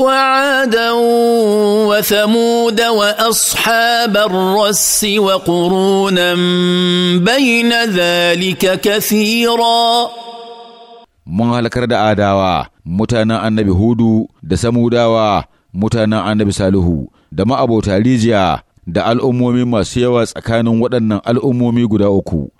وعادا وثمود واصحاب wa وقرونا بين ذلك كثيرا mun halakar da adawa mutanen annabi hudu da samudawa mutanen annabi salihu da ma'abota rijiya da al'ummomi masu yawa tsakanin waɗannan al'ummomi guda uku